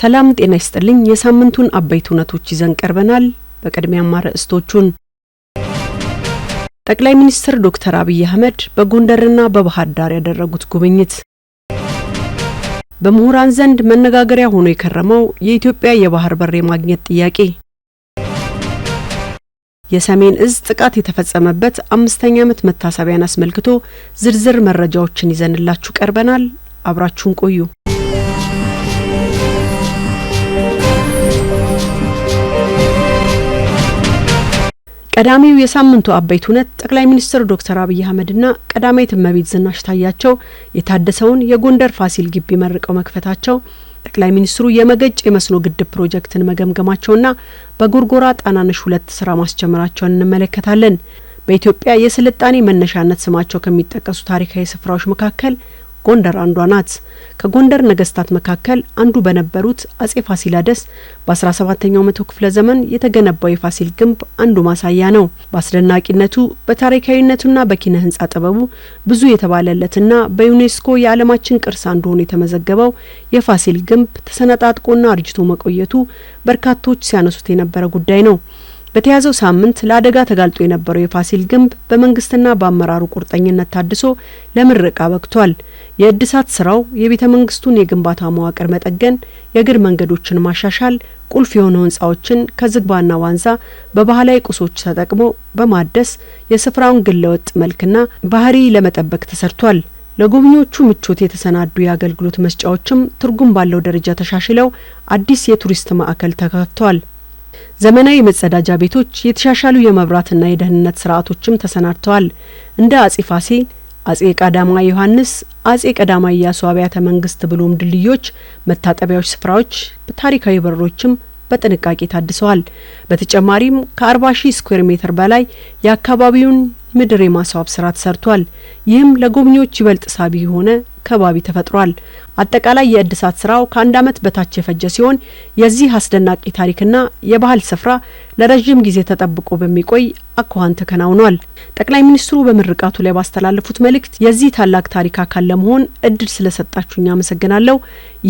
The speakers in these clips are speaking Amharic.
ሰላም ጤና ይስጥልኝ። የሳምንቱን አበይት እውነቶች ይዘን ቀርበናል። በቅድሚያም አርዕስቶቹን ጠቅላይ ሚኒስትር ዶክተር አብይ አህመድ በጎንደርና በባህር ዳር ያደረጉት ጉብኝት፣ በምሁራን ዘንድ መነጋገሪያ ሆኖ የከረመው የኢትዮጵያ የባህር በር የማግኘት ጥያቄ፣ የሰሜን እዝ ጥቃት የተፈጸመበት አምስተኛ ዓመት መታሰቢያን አስመልክቶ ዝርዝር መረጃዎችን ይዘንላችሁ ቀርበናል። አብራችሁን ቆዩ። ቀዳሚው የሳምንቱ አበይት ሁነት ጠቅላይ ሚኒስትር ዶክተር አብይ አህመድና ቀዳማዊት እመቤት ዝናሽ ታያቸው የታደሰውን የጎንደር ፋሲል ግቢ መርቀው መክፈታቸው፣ ጠቅላይ ሚኒስትሩ የመገጭ የመስኖ ግድብ ፕሮጀክትን መገምገማቸውና በጎርጎራ ጣናነሽ ሁለት ስራ ማስጀመራቸውን እንመለከታለን። በኢትዮጵያ የስልጣኔ መነሻነት ስማቸው ከሚጠቀሱ ታሪካዊ ስፍራዎች መካከል ጎንደር አንዷ ናት። ከጎንደር ነገስታት መካከል አንዱ በነበሩት አጼ ፋሲለደስ በ17ኛው መቶ ክፍለ ዘመን የተገነባው የፋሲል ግንብ አንዱ ማሳያ ነው። በአስደናቂነቱ በታሪካዊነቱና በኪነ ህንጻ ጥበቡ ብዙ የተባለለትና በዩኔስኮ የዓለማችን ቅርስ አንዱ ሆኖ የተመዘገበው የፋሲል ግንብ ተሰነጣጥቆና አርጅቶ መቆየቱ በርካቶች ሲያነሱት የነበረ ጉዳይ ነው። በተያዘው ሳምንት ለአደጋ ተጋልጦ የነበረው የፋሲል ግንብ በመንግስትና በአመራሩ ቁርጠኝነት ታድሶ ለምረቃ በቅቷል። የእድሳት ስራው የቤተ መንግስቱን የግንባታ መዋቅር መጠገን፣ የእግር መንገዶችን ማሻሻል፣ ቁልፍ የሆኑ ህንፃዎችን ከዝግባና ዋንዛ በባህላዊ ቁሶች ተጠቅሞ በማደስ የስፍራውን ግለወጥ መልክና ባህሪ ለመጠበቅ ተሰርቷል። ለጎብኚዎቹ ምቾት የተሰናዱ የአገልግሎት መስጫዎችም ትርጉም ባለው ደረጃ ተሻሽለው አዲስ የቱሪስት ማዕከል ተከፍቷል። ዘመናዊ መጸዳጃ ቤቶች፣ የተሻሻሉ የመብራትና የደህንነት ስርዓቶችም ተሰናድተዋል። እንደ አጼ ፋሲል፣ አጼ ቀዳማ ዮሐንስ፣ አጼ ቀዳማ ኢያሱ አብያተ መንግስት ብሎም ድልድዮች፣ መታጠቢያዎች፣ ስፍራዎች፣ ታሪካዊ በሮችም በጥንቃቄ ታድሰዋል። በተጨማሪም ከአርባ ሺህ ስኩዌር ሜትር በላይ የአካባቢውን ምድር የማስዋብ ስራ ተሰርቷል። ይህም ለጎብኚዎች ይበልጥ ሳቢ የሆነ ከባቢ ተፈጥሯል። አጠቃላይ የእድሳት ስራው ከአንድ ዓመት በታች የፈጀ ሲሆን የዚህ አስደናቂ ታሪክና የባህል ስፍራ ለረዥም ጊዜ ተጠብቆ በሚቆይ አኳኋን ተከናውኗል። ጠቅላይ ሚኒስትሩ በምርቃቱ ላይ ባስተላለፉት መልእክት የዚህ ታላቅ ታሪክ አካል ለመሆን እድል ስለሰጣችሁኝ አመሰግናለሁ።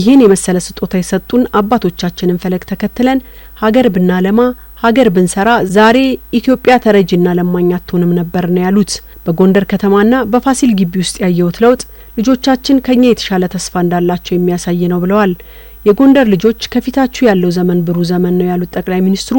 ይህን የመሰለ ስጦታ የሰጡን አባቶቻችንን ፈለግ ተከትለን ሀገር ብናለማ ሀገር ብንሰራ ዛሬ ኢትዮጵያ ተረጅና ለማኝ አትሆንም ነበር ነው ያሉት። በጎንደር ከተማና በፋሲል ግቢ ውስጥ ያየሁት ለውጥ ልጆቻችን ከኛ የተሻለ ተስፋ እንዳላቸው የሚያሳይ ነው ብለዋል። የጎንደር ልጆች ከፊታችሁ ያለው ዘመን ብሩህ ዘመን ነው ያሉት ጠቅላይ ሚኒስትሩ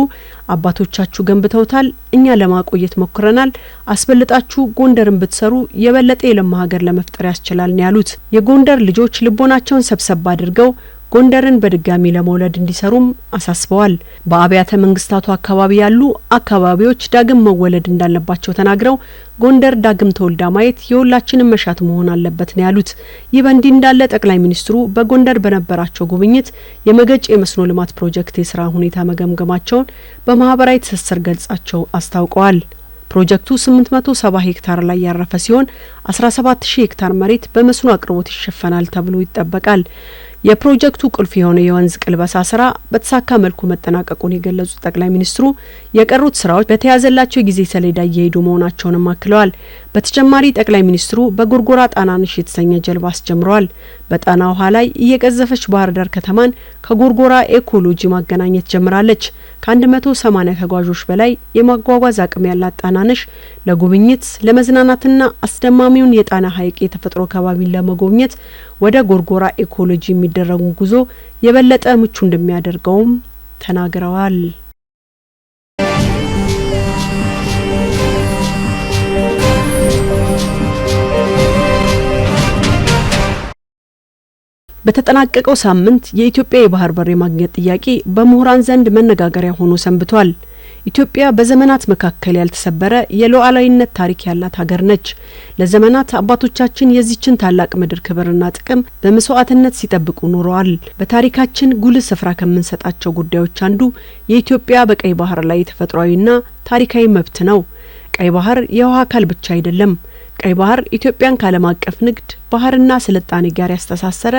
አባቶቻችሁ ገንብተውታል፣ እኛ ለማቆየት ሞክረናል። አስበልጣችሁ ጎንደርን ብትሰሩ የበለጠ የለማ ሀገር ለመፍጠር ያስችላል ነው ያሉት። የጎንደር ልጆች ልቦናቸውን ሰብሰብ አድርገው ጎንደርን በድጋሚ ለመውለድ እንዲሰሩም አሳስበዋል። በአብያተ መንግስታቱ አካባቢ ያሉ አካባቢዎች ዳግም መወለድ እንዳለባቸው ተናግረው ጎንደር ዳግም ተወልዳ ማየት የሁላችንም መሻት መሆን አለበት ነው ያሉት። ይህ በእንዲህ እንዳለ ጠቅላይ ሚኒስትሩ በጎንደር በነበራቸው ጉብኝት የመገጭ የመስኖ ልማት ፕሮጀክት የስራ ሁኔታ መገምገማቸውን በማህበራዊ ትስስር ገልጻቸው አስታውቀዋል። ፕሮጀክቱ 870 ሄክታር ላይ ያረፈ ሲሆን 17000 ሄክታር መሬት በመስኖ አቅርቦት ይሸፈናል ተብሎ ይጠበቃል። የፕሮጀክቱ ቁልፍ የሆነ የወንዝ ቅልበሳ ስራ በተሳካ መልኩ መጠናቀቁን የገለጹት ጠቅላይ ሚኒስትሩ የቀሩት ስራዎች በተያዘላቸው የጊዜ ሰሌዳ እየሄዱ መሆናቸውንም አክለዋል። በተጨማሪ ጠቅላይ ሚኒስትሩ በጎርጎራ ጣናንሽ የተሰኘ ጀልባ አስጀምረዋል። በጣና ውሃ ላይ እየቀዘፈች ባህር ዳር ከተማን ከጎርጎራ ኤኮሎጂ ማገናኘት ጀምራለች። ከ180 ተጓዦች በላይ የማጓጓዝ አቅም ያላት ጣናነሽ ለጉብኝት ለመዝናናትና አስደማሚውን የጣና ሐይቅ የተፈጥሮ ከባቢን ለመጎብኘት ወደ ጎርጎራ ኢኮሎጂ የሚደረጉ ጉዞ የበለጠ ምቹ እንደሚያደርገውም ተናግረዋል። በተጠናቀቀው ሳምንት የኢትዮጵያ የባህር በር የማግኘት ጥያቄ በምሁራን ዘንድ መነጋገሪያ ሆኖ ሰንብቷል። ኢትዮጵያ በዘመናት መካከል ያልተሰበረ የሉዓላዊነት ታሪክ ያላት ሀገር ነች። ለዘመናት አባቶቻችን የዚችን ታላቅ ምድር ክብርና ጥቅም በመስዋዕትነት ሲጠብቁ ኑረዋል። በታሪካችን ጉልህ ስፍራ ከምንሰጣቸው ጉዳዮች አንዱ የኢትዮጵያ በቀይ ባህር ላይ ተፈጥሯዊና ታሪካዊ መብት ነው። ቀይ ባህር የውሃ አካል ብቻ አይደለም። ቀይ ባህር ኢትዮጵያን ከዓለም አቀፍ ንግድ፣ ባህርና ስልጣኔ ጋር ያስተሳሰረ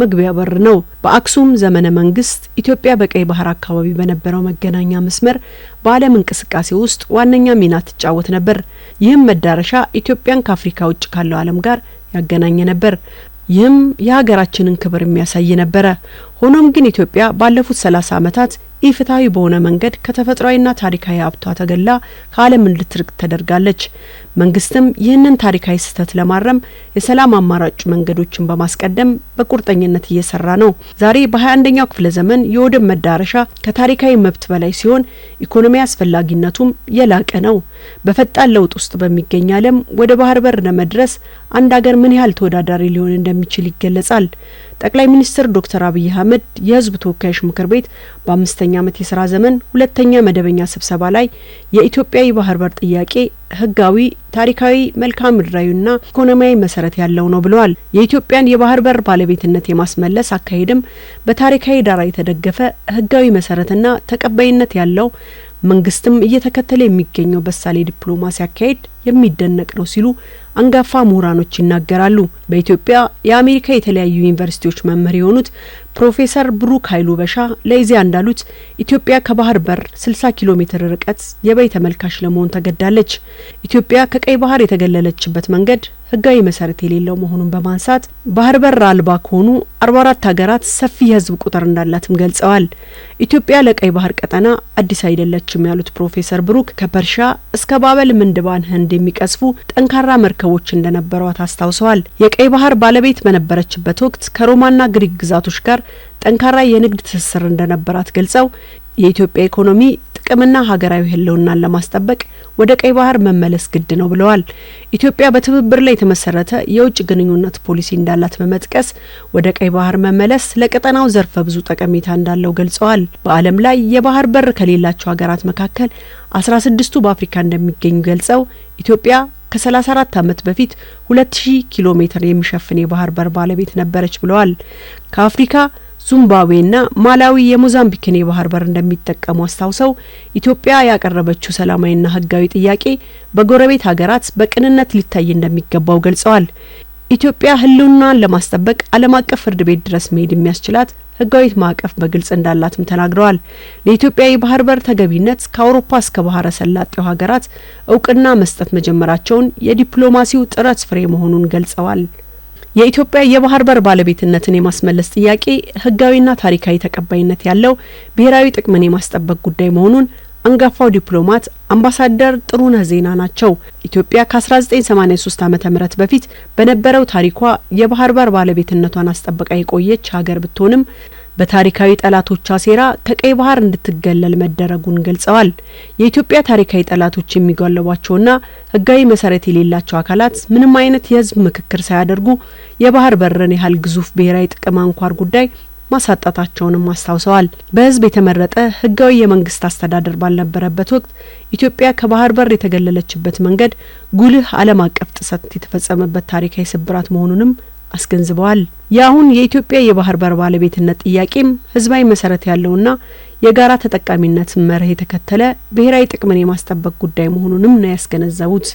መግቢያ በር ነው። በአክሱም ዘመነ መንግስት ኢትዮጵያ በቀይ ባህር አካባቢ በነበረው መገናኛ መስመር በዓለም እንቅስቃሴ ውስጥ ዋነኛ ሚና ትጫወት ነበር። ይህም መዳረሻ ኢትዮጵያን ከአፍሪካ ውጭ ካለው ዓለም ጋር ያገናኘ ነበር። ይህም የሀገራችንን ክብር የሚያሳይ ነበረ። ሆኖም ግን ኢትዮጵያ ባለፉት ሰላሳ ዓመታት ኢፍትሐዊ በሆነ መንገድ ከተፈጥሯዊና ታሪካዊ ሀብቷ ተገላ ከዓለም እንድትርቅ ተደርጋለች። መንግስትም ይህንን ታሪካዊ ስህተት ለማረም የሰላም አማራጭ መንገዶችን በማስቀደም በቁርጠኝነት እየሰራ ነው። ዛሬ በ21ኛው ክፍለ ዘመን የወደብ መዳረሻ ከታሪካዊ መብት በላይ ሲሆን፣ ኢኮኖሚ አስፈላጊነቱም የላቀ ነው። በፈጣን ለውጥ ውስጥ በሚገኝ ዓለም ወደ ባህር በር ለመድረስ አንድ ሀገር ምን ያህል ተወዳዳሪ ሊሆን እንደሚችል ይገለጻል። ጠቅላይ ሚኒስትር ዶክተር አብይ አህመድ የህዝብ ተወካዮች ምክር ቤት በአምስተኛ ዓመት የስራ ዘመን ሁለተኛ መደበኛ ስብሰባ ላይ የኢትዮጵያ የባህር በር ጥያቄ ህጋዊ፣ ታሪካዊ፣ መልክዓ ምድራዊና ኢኮኖሚያዊ መሰረት ያለው ነው ብለዋል። የኢትዮጵያን የባህር በር ባለቤትነት የማስመለስ አካሄድም በታሪካዊ ዳራ የተደገፈ ህጋዊ መሰረትና ተቀባይነት ያለው መንግስትም እየተከተለ የሚገኘው በሳሌ ዲፕሎማሲ አካሄድ የሚደነቅ ነው ሲሉ አንጋፋ ምሁራኖች ይናገራሉ። በኢትዮጵያ የአሜሪካ የተለያዩ ዩኒቨርሲቲዎች መምህር የሆኑት ፕሮፌሰር ብሩክ ኃይሉ በሻ ለኢዜአ እንዳሉት ኢትዮጵያ ከባህር በር 60 ኪሎ ሜትር ርቀት የበይ ተመልካች ለመሆን ተገዳለች። ኢትዮጵያ ከቀይ ባህር የተገለለችበት መንገድ ህጋዊ መሰረት የሌለው መሆኑን በማንሳት ባህር በር አልባ ከሆኑ 44 ሀገራት ሰፊ የህዝብ ቁጥር እንዳላትም ገልጸዋል። ኢትዮጵያ ለቀይ ባህር ቀጠና አዲስ አይደለችም ያሉት ፕሮፌሰር ብሩክ ከፐርሻ እስከ ባበል ምንድባን ህንድ የሚቀዝፉ ጠንካራ መርከቦች እንደነበሯት አስታውሰዋል። የቀይ ባህር ባለቤት በነበረችበት ወቅት ከሮማና ግሪክ ግዛቶች ጋር ጠንካራ የንግድ ትስስር እንደነበራት ገልጸው የኢትዮጵያ ኢኮኖሚ ጥቅምና ሀገራዊ ህልውናን ለማስጠበቅ ወደ ቀይ ባህር መመለስ ግድ ነው ብለዋል። ኢትዮጵያ በትብብር ላይ የተመሰረተ የውጭ ግንኙነት ፖሊሲ እንዳላት በመጥቀስ ወደ ቀይ ባህር መመለስ ለቀጠናው ዘርፈ ብዙ ጠቀሜታ እንዳለው ገልጸዋል። በዓለም ላይ የባህር በር ከሌላቸው ሀገራት መካከል አስራ ስድስቱ በአፍሪካ እንደሚገኙ ገልጸው ኢትዮጵያ ከ34 ዓመት በፊት 2000 ኪሎ ሜትር የሚሸፍን የባህር በር ባለቤት ነበረች ብለዋል። ከአፍሪካ ዙምባብዌና ማላዊ የሞዛምቢክን የባህር በር እንደሚጠቀሙ አስታውሰው ኢትዮጵያ ያቀረበችው ሰላማዊና ሕጋዊ ጥያቄ በጎረቤት ሀገራት በቅንነት ሊታይ እንደሚገባው ገልጸዋል። ኢትዮጵያ ሕልውናን ለማስጠበቅ ዓለም አቀፍ ፍርድ ቤት ድረስ መሄድ የሚያስችላት ሕጋዊት ማዕቀፍ በግልጽ እንዳላትም ተናግረዋል። ለኢትዮጵያ የባህር በር ተገቢነት ከአውሮፓ እስከ ባህረ ሰላጤው ሀገራት እውቅና መስጠት መጀመራቸውን የዲፕሎማሲው ጥረት ፍሬ መሆኑን ገልጸዋል። የኢትዮጵያ የባህር በር ባለቤትነትን የማስመለስ ጥያቄ ህጋዊና ታሪካዊ ተቀባይነት ያለው ብሔራዊ ጥቅምን የማስጠበቅ ጉዳይ መሆኑን አንጋፋው ዲፕሎማት አምባሳደር ጥሩነህ ዜና ናቸው። ኢትዮጵያ ከ1983 ዓ ም በፊት በነበረው ታሪኳ የባህር በር ባለቤትነቷን አስጠብቃ የቆየች ሀገር ብትሆንም በታሪካዊ ጠላቶቿ ሴራ ከቀይ ባህር እንድትገለል መደረጉን ገልጸዋል። የኢትዮጵያ ታሪካዊ ጠላቶች የሚጓለቧቸውና ህጋዊ መሰረት የሌላቸው አካላት ምንም አይነት የህዝብ ምክክር ሳያደርጉ የባህር በርን ያህል ግዙፍ ብሔራዊ ጥቅም አንኳር ጉዳይ ማሳጣታቸውንም አስታውሰዋል። በህዝብ የተመረጠ ህጋዊ የመንግስት አስተዳደር ባልነበረበት ወቅት ኢትዮጵያ ከባህር በር የተገለለችበት መንገድ ጉልህ ዓለም አቀፍ ጥሰት የተፈጸመበት ታሪካዊ ስብራት መሆኑንም አስገንዝበዋል። የአሁን የኢትዮጵያ የባህር በር ባለቤትነት ጥያቄም ህዝባዊ መሰረት ያለውና የጋራ ተጠቃሚነት መርህ የተከተለ ብሔራዊ ጥቅምን የማስጠበቅ ጉዳይ መሆኑንም ነው ያስገነዘቡት።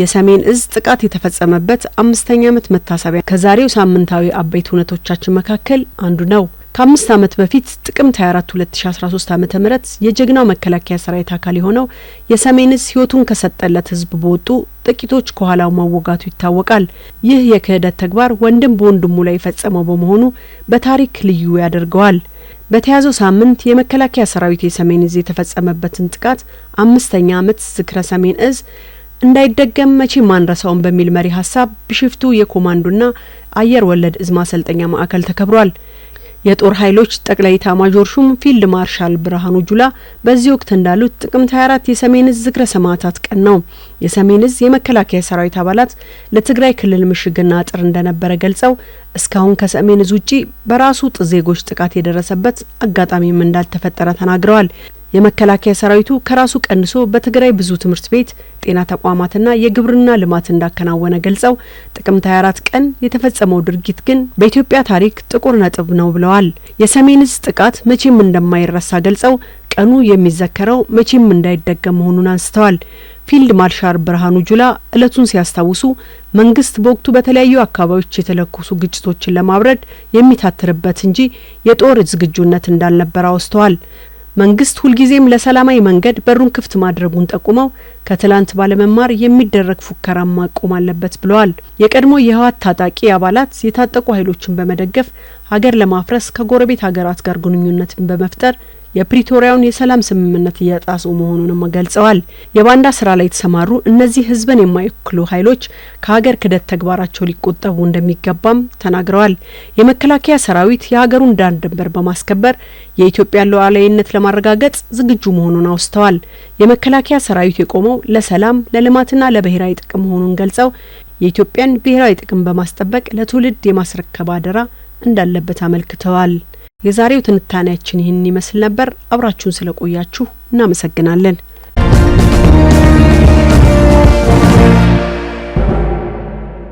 የሰሜን እዝ ጥቃት የተፈጸመበት አምስተኛ ዓመት መታሰቢያ ከዛሬው ሳምንታዊ አበይት ሁነቶቻችን መካከል አንዱ ነው። ከአምስት ዓመት በፊት ጥቅምት 24 2013 ዓ ም የጀግናው መከላከያ ሰራዊት አካል የሆነው የሰሜን እዝ ህይወቱን ከሰጠለት ህዝብ በወጡ ጥቂቶች ከኋላው መወጋቱ ይታወቃል። ይህ የክህደት ተግባር ወንድም በወንድሙ ላይ የፈጸመው በመሆኑ በታሪክ ልዩ ያደርገዋል። በተያዘው ሳምንት የመከላከያ ሰራዊት የሰሜን እዝ የተፈጸመበትን ጥቃት አምስተኛ ዓመት ዝክረ ሰሜን እዝ እንዳይደገም መቼ ማንረሳውን በሚል መሪ ሀሳብ ብሽፍቱ የኮማንዶና አየር ወለድ እዝ ማሰልጠኛ ማዕከል ተከብሯል። የጦር ኃይሎች ጠቅላይ ኤታማዦር ሹም ፊልድ ማርሻል ብርሃኑ ጁላ በዚህ ወቅት እንዳሉት ጥቅምት 24 የሰሜን እዝ ዝክረ ሰማዕታት ቀን ነው። የሰሜን እዝ የመከላከያ ሰራዊት አባላት ለትግራይ ክልል ምሽግና አጥር እንደነበረ ገልጸው እስካሁን ከሰሜን እዝ ውጪ በራሱ ጥ ዜጎች ጥቃት የደረሰበት አጋጣሚም እንዳልተፈጠረ ተናግረዋል። የመከላከያ ሰራዊቱ ከራሱ ቀንሶ በትግራይ ብዙ ትምህርት ቤት፣ ጤና ተቋማትና የግብርና ልማት እንዳከናወነ ገልጸው ጥቅምት 24 ቀን የተፈጸመው ድርጊት ግን በኢትዮጵያ ታሪክ ጥቁር ነጥብ ነው ብለዋል። የሰሜን እዝ ጥቃት መቼም እንደማይረሳ ገልጸው ቀኑ የሚዘከረው መቼም እንዳይደገም መሆኑን አንስተዋል። ፊልድ ማርሻል ብርሃኑ ጁላ እለቱን ሲያስታውሱ መንግስት በወቅቱ በተለያዩ አካባቢዎች የተለኮሱ ግጭቶችን ለማብረድ የሚታትርበት እንጂ የጦር ዝግጁነት እንዳልነበረ አውስተዋል። መንግስት ሁልጊዜም ለሰላማዊ መንገድ በሩን ክፍት ማድረጉን ጠቁመው ከትላንት ባለመማር የሚደረግ ፉከራ ማቆም አለበት ብለዋል። የቀድሞ የህወሓት ታጣቂ አባላት የታጠቁ ኃይሎችን በመደገፍ ሀገር ለማፍረስ ከጎረቤት ሀገራት ጋር ግንኙነትን በመፍጠር የፕሪቶሪያውን የሰላም ስምምነት እያጣሱ መሆኑንም ገልጸዋል። የባንዳ ስራ ላይ የተሰማሩ እነዚህ ህዝብን የማይወክሉ ኃይሎች ከሀገር ክደት ተግባራቸው ሊቆጠቡ እንደሚገባም ተናግረዋል። የመከላከያ ሰራዊት የሀገሩን ዳር ድንበር በማስከበር የኢትዮጵያን ሉዓላዊነት ለማረጋገጥ ዝግጁ መሆኑን አውስተዋል። የመከላከያ ሰራዊት የቆመው ለሰላም ለልማትና ለብሔራዊ ጥቅም መሆኑን ገልጸው የኢትዮጵያን ብሔራዊ ጥቅም በማስጠበቅ ለትውልድ የማስረከብ አደራ እንዳለበት አመልክተዋል። የዛሬው ትንታኔያችን ይህን ይመስል ነበር። አብራችሁን ስለቆያችሁ እናመሰግናለን።